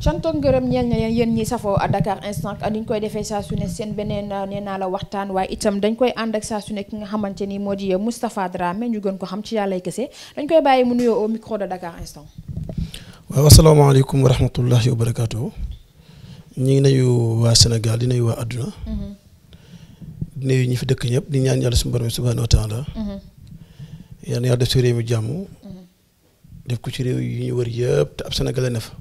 cantoog ngërëm ñeel na yéen ñi safoo Dakar instant ni ñu koy defee saa su ne seen beneen euh, nee la waxtaan waaye itam dañ koy ànd ak saa su ne ki nga xamante ni moo di euh, Moustapha Dramé ñu gën ko xam ci yàllay kese dañ koy bàyyi mu nuyoo au micro de Dakar instant. waaw asalaamaaleykum wa rahmatullahi ñu ngi nuyu waa Sénégal di nuyu waa àdduna. Mhm. di nuyu fi dëkk ñëpp di ñaan yàlla suñu borom subhaanahu wa taala. Mhm. yal na yàlla def si réew mi jàmm. Mhm. def ko ci réew yi ñu wër yëpp te ab Sénégal ne fa.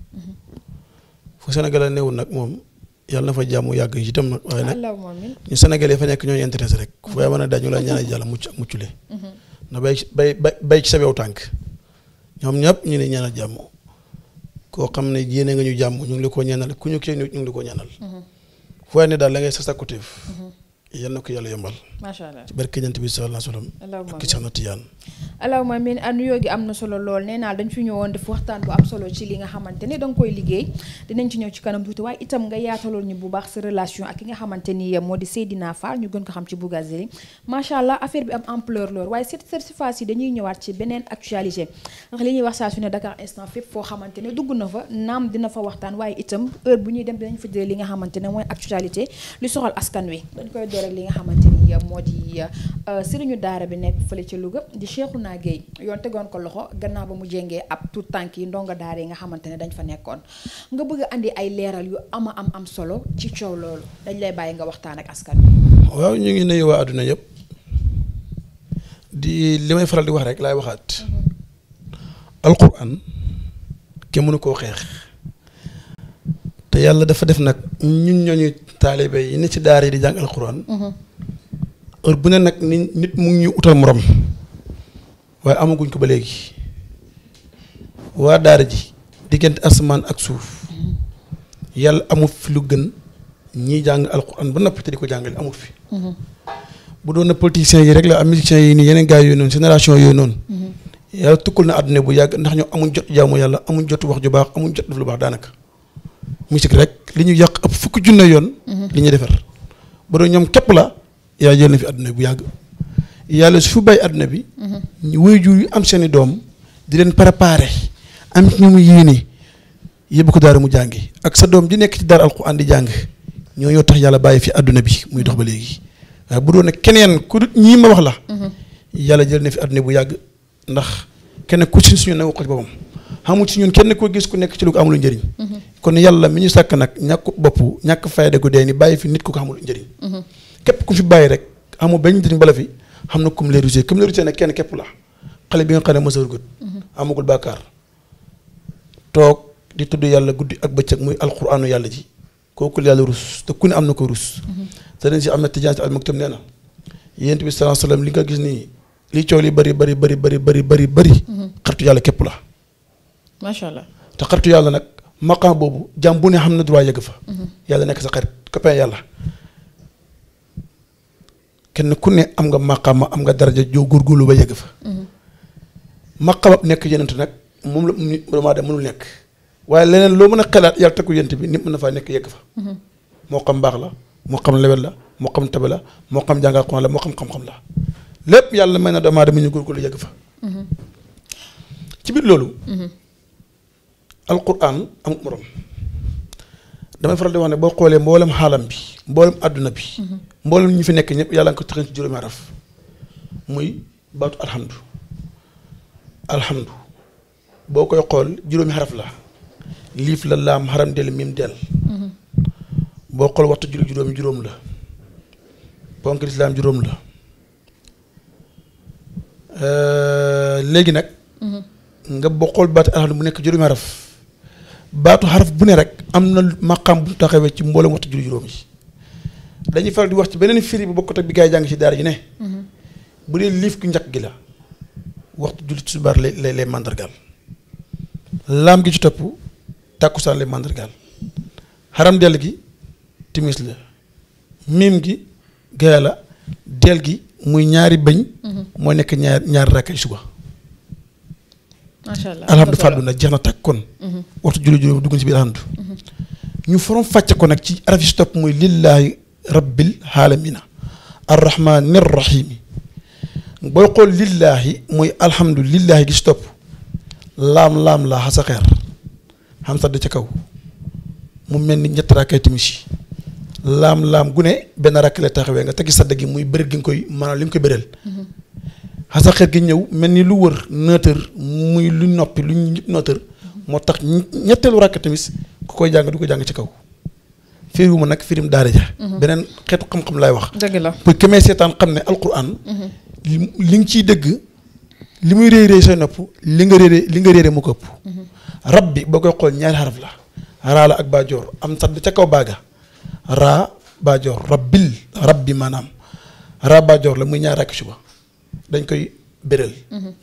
fu a néewul nag moom yàlla na fa jàmm yàgg yi itam nag waaye nag ñu Sénégalais fa nekk ñooñu intéressé rek fu yaay mën a dañu la ñaanal yàlla mucc ak muccule mhm. na bay bay bay ñu ne ñaanal jàmm koo xam ne yéene nga ñu jàmm ñu ngi la ko ñaanal ku ñu kii ñu ngi la ko ñaanal mhm. fu waay ne daal la ngay a sakkuteef mhm. yal na ko yàlla yombal macha allah bi sallallahu alayhi wa ak ki sax na tiyaan Allahumma amiin nuyoo gi am na solo lool nee naa dañ fi ñëwoon def waxtaan bu am solo ci li nga xamante ne danga koy liggéey dinañ ci ñëw ci kanam tuuti waaye itam nga yaataloon ñu bu baax sa relation ak ki nga ni moo di Seydina Fall ñu gën ko xam ci Bougazelli macha allah affaire bi am ampleur lool waaye cette cette fois ñëwaat ci beneen actualité ndax li wax saa su ne Dakar instant xamante ne dugg na fa naam dina waxtaan waaye itam heure bu ñuy dem dinañ fa jëlee li nga xamante ne mooy actualité lu soxal askan wi dañ koy door ak li nga xamante ni ni moo di euh, sëriñu daara bi nekk fële ci Louga di Cheikhouna Gueye yoon tegoon ko loxo gannaaw ba mu jéngee ab tout tànk yi ndongo daara yi nga xamante ne dañ fa nekkoon nga bëgg a andi ay leeral yu ama am am solo ci coow loolu dañ lay bàyyi nga waxtaan ak askan waaw ñu ngi nuyu waa àdduna yëpp di wax rek laay waxaat mm-hmm. alquran kenn mënu koo xeex te yàlla dafa def nag ñun ñooñu taalibe yi ne ci daara yi di jàng alquran mm-hmm. heure bu ne nag ni nit mu ñu utal morom waaye amaguñ ko ba léegi waa daara ji diggante asamaan ak suuf yàlla amul fi lu gën ñiy jàng alxuraan ba noppi te di ko jàngale amul fi. Mhm. bu doon na politiciens yi rek la am musiciens yi nii yeneen gars yooyu noonu génération noonu. Mhm. yàlla tukkal na àdduna bu yàgg ndax ñoo amuñ jot jaamu yàlla amuñ jot wax ju baax amuñ jot def lu baax daanaka. musique rek li ñu yàq ëpp fukki junne yoon. Mhm. li ñuy defar ba doon ñoom képp la. yaa jël na fi adduna bu yàgg yàlla su fi bay àdduna bi. Mhm. waajur yu am seen doom di leen préparer am ci ñu mu yéene yëpp ko daara mu jàngi ak sa doom di nekk ci daara alxuraan di jàng ñoo ñoo tax yàlla bàyyi fi àdduna bi muy dox ba léegi waaye bu doon ne keneen ku ñii ma wax mhm. jël na fi adduna bu yàgg ndax kenn ku si suñu nangu si ñun kenn koo gis ku nekk ci lu ko amul njëriñ. Mhm. kon yàlla mi ñu sàkk nag ñàkk bopp ñàkk fayda gu dee ni bàyyi fi nit ku ko amul njëriñ. képp ku fi bàyyi rek amul benn njëriñ bala xam na comme les rusés comme les rusés nag kenn képp la xale bi nga xam ne mësargut mhm. amagul bàkkaar toog tudd yàlla guddi ak bëccëg muy yàlla ji kooku yàlla rus te ku ne am na ko rus sëriñ mhm. gis nii li coow li bari bari bari bari bari mhm. yàlla képp la macha allah te xaritu yàlla nag maqaam boobu jàmm bu ne xam na droit yegg fa yàlla nekk sa xarit copain yàlla kenn ku ne am nga maqaama am nga daraja joo góorgóorlu ba yegg fa. Mhm. maqaamab nekk yenent nag moom la vraiment de nekk waaye leneen loo mën a xelaat yàlla takku bi nit mën nekk yegg fa. Mhm. moo xam baax la moo xam lewet la moo xam moo xam jàngal Alxuraan la moo xam xam-xam yàlla may na doomu aadama ñu góorgóorlu yegg fa. Mhm. ci biir loolu. alquran amut morom. dama faral di wax ne boo xoolee mboolem xaalam bi mboolem àdduna bi. mboolem ñu fi nekk ñëpp yàlla nga ko tëxal ci juróomi araf muy baatu alhamdu alhamdu boo koy xool juróomi xaraf la liif la laam xaram del mim del boo xool waxtu julli juróomi juróom la ponk lislaam juróom la léegi nag nga boo xool baatu alhamdu mu nekk juróomi araf baatu xaraf bu ne rek am na maqaam bu taxawee ci mboolem waxtu julli juróom yi dañuy faral di wax ci beneen firi bu bokkut ak bi gaa yi jàng ci daara ji ne. Mhm. bu dee liif ku njëkk gi la waxtu julli tisbaar lay lay lay laam gi ci topp tàkkusaan lay mandargaal xaram del gi timis la miim gi gaaya la gi muy ñaari bëñ. Mhm. moo nekk ñaar ñaari rakk suba. macha allah alhamdu fàddu na jeex na takk kon. Mhm. waxtu julli juróom dugg na ci biir alhamdu. ñu forom fàcce ko nag ci araf yi topp mooy lillahi rabbil alamina arrahmanir rahimi booy xool lillahi mooy alhamdu lillahi gi ci laam laam laa xasa xam sax ca kaw mu mel ni ñett rakkay timis yi laam laam gu benn rakk la taxawee nga tegi sadd gi muy bëri gi nga koy maanaam li nga koy bëreel. Mhm. xasa xet gi ñëw mel ni lu wër nëtër muy lu noppi lu ñëpp nëtër moo tax ñetteelu rakk ku koy jàng du ko jàng ci kaw firiwuma nag firim daara ja mhm. beneen xeetu xam-xam laay wax dëgg la pour kemee seetaan xam ne alquran mhm. li nga ciy dëgg li muy réy réy say nopp li nga réere li nga réere mu ko ëpp mhm. rab bi boo koy xool ñaari xaraf la raa la ak baajoor am sadd ca kaw baaga raa baajoor rabbil rab bi maanaam raa baajoor la muy ñaari rakk suba dañ koy bérél.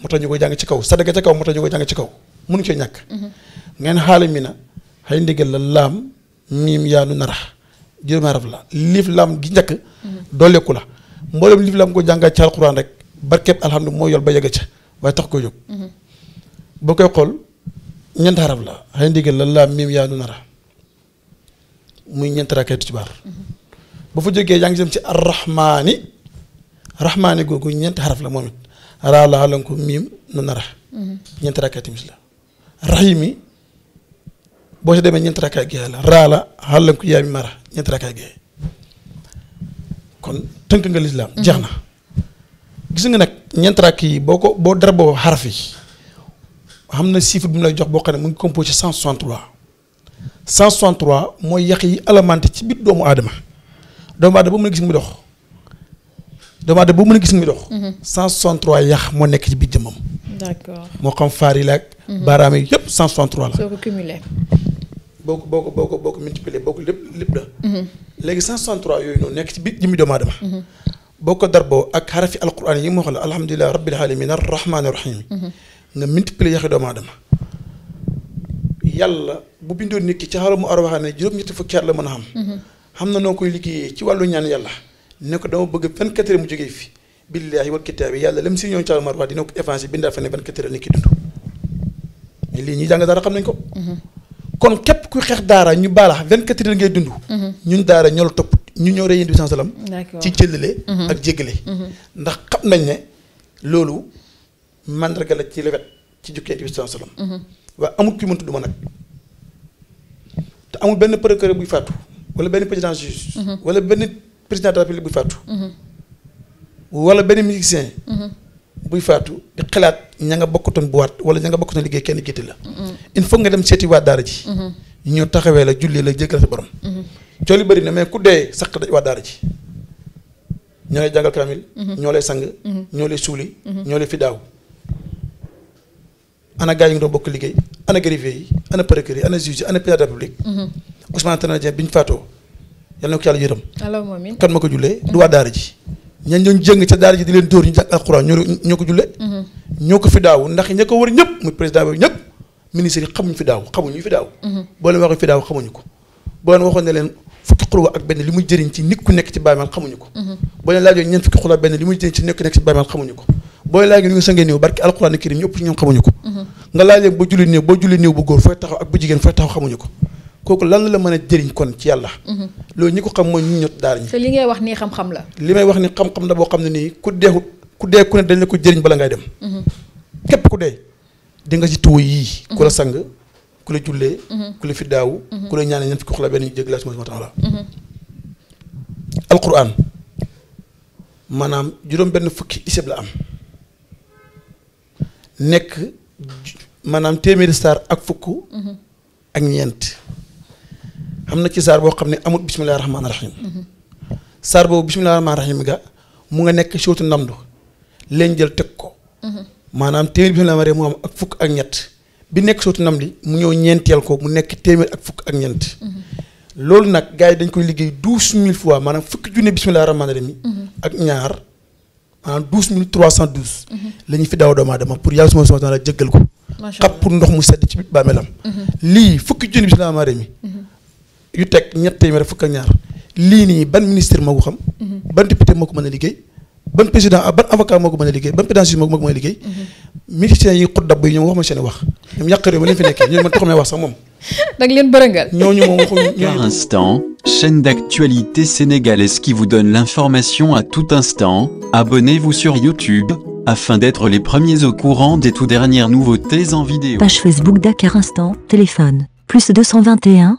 moo tax ñu koy jàng ci kaw sadaka ca kaw moo tax ñu koy jàng ci kaw mënuñu cee ñàkk. ngeen xaale mi na xëy ndigal la laam miim yaanu nara juróomi araf la liif laam gi njëkk. dooleeku la mboolem liif laam ko jàngaa ci alxuraan rek barkeeb alhamdulilah moo yor ba yegg ca waaye tax ko jóg. boo koy xool ñeent araf la xëy ndigal la laam miim yaanu nara muy ñeent rakkatu ci baar. bu jógee yaa ngi jëm ci arrahmaani. raxmaani googu ñeenti xaraf la moom it raa laa lan ko miim nu rax ñeenti rakkaay timis la raxiimi boo demee ñeenti rakkaay géex la raa la xal lan ko yaa mi ma rax ñeenti rakkaay géex kon tënk nga lislaam mm-hmm. jeex na gis nga nag ñeenti rakk yi boo ko boo dara boo xaraf yi xam na chiffre bi mu lay jox boo xam ne mu ngi composé cent soixante-trois cent soixante-trois mooy yàq yi alimenté ci biir doomu aadama doomu aadama ba mu ne gis mu dox doomu aadama bu meun gis muy dox. 163 mhm. yax mo nek ci biir jëmmam. d'accord mo xam faar yi la ak. Mhm. baaraam 163 la. soo cumulé. boko boko boko ko boo ko lepp ko multiplié la. Mhm. léegi 163 yoy no nek ci biir jëmmi doomu aadama. boo ak xarafi alquran yi mo xala ne rabbil alamin arrahman rahim. nga multiplié yaxi doomu aadama. yàlla bu bindoon nit ki ci xaramu arwahane ne juróom fu fukki at la mën a xam. xam na koy liggéeyee ci walu ñaan yalla ne ko dama bëgg 24 heures mu jógee fi billaahi wa kitaabi yàlla lam si ñoom Thiaw Mar wax dina ko effacé bindaa fa ne 24 heures ni ki dund mais lii ñuy jàng daara xam nañ ko. Mhm. kon képp ku xeex daara ñu baala 24 heures ngay dund. Mhm. ñun daara ñoo la topp ñu ñoo rey indi sans salam ci jëllale. Mhm. ak jéggale. ndax xam nañ ne loolu mandarga ci lewet ci jukkee di sans salam waaye amul ki mëntu duma nag te amul benn procureur buy président de la république buy faatu. Mhm. wala benn musicien. Mhm. buy faatu di xalaat ña nga bokkutoon bu waat wala ña nga bokkutoon liggéey kenn jiite la. Mhm. il faut nga dem seeti waa daara ji. ñu taxawee la julli la jéggal sa borom. coono yu bëri na mais ku dee saq daj waa daara ji. ñoo lay jàngal kaamil. ñoo lay sang. ñoo lay suuli. ñoo lay fidaaw. ana gars yi nga doon bokk liggéey ana greffier yi ana procureur yi ana juge yi ana président de la république. Ousmane Tanor Dieng yal na ko yàlla yërëm kan ma ko jullee du waa daara ji ñan ñooñ jëng ca daara ji di leen dóor ñu jàng alxuraan ñoo ko jullee mm-hmm. ñoo ko fi ndax ña war ñëpp ministre xamuñu fi mm-hmm. boo leen waxee fi xamuñu ko boo leen waxoon ne leen fukki xurwa ak benn li muy jëriñ ci nit nekk ci bàmmeel mm-hmm. xamuñu ko boo leen laajoon ñeent sangee néew barki alxuraan karim ñëpp ñoom xamuñu ko nga laaj leen boo julli néew boo julli néew bu góor fooy taxaw ak bu jigéen fooy taxaw xamuñu ko kooku lan la mën a jëriñ kon ci yàlla. Mhm. loolu ñi ko xam mooy ñu ñot daara ñi. te li ngay wax nii xam-xam la. li may wax ni xam-xam la boo xam ne nii ku dee ku dee ku ne dañ ko jëriñ bala ngay dem. Mhm. képp ku dee di nga ci tuwo yii. Mhm. ku la sang ku la jullee. ku la fiddaawu. ku la ñaanee ñeent fukki xol juróom benn fukki isib am nekk maanaam téeméeri saar ak fukk. ak ñeent. am na ci saar boo xam ne amul bisimilah rahmaani rahim. saar boobu bisimilah rahmaani rahim ga mu nga nekk sootu namdu leen jël teg ko. maanaam téeméer bisimilah rahmaani mu am ak fukk ak ñett bi nekk sootu namdi mu ñëw ñeenteel ko mu nekk téeméer ak fukk ak ñeent. loolu nag gars yi dañ koy liggéey douze mille fois maanaam fukki junne bisimilah rahmaani rahim. ak ñaar maanaam douze mille trois cent douze. la ñu fi daaw doomu aadama pour yàlla suma suma taala jëggal ko. xab pour ndox mu sedd ci biir bàmmeelam. lii fukki junne bisimilah rahmaani rahim. yu teg ñett téeméer fukk ak ñaar lii nii ban ministre moo ko xam. Mhm. ban député moo ko mën ban président ah, ban avocat moo ko mën ban pédagogie moo ko mën a liggéey. miliciens mhm. yi xut dab yi ñoom wax ma seen wax ñoom yàq réew mi leen fi nekkee ñoom man taxu may wax sax moom. da nga leen bërëngal. ñooñu moom waxuñu ñooñu. instant chaîne d'actualité sénégalaise qui vous donne l'information à tout instant abonnez-vous sur YouTube afin d'être les premiers au courant des tout dernières nouveautés en vidéo. page Facebook Dakar Instant téléphone plus 221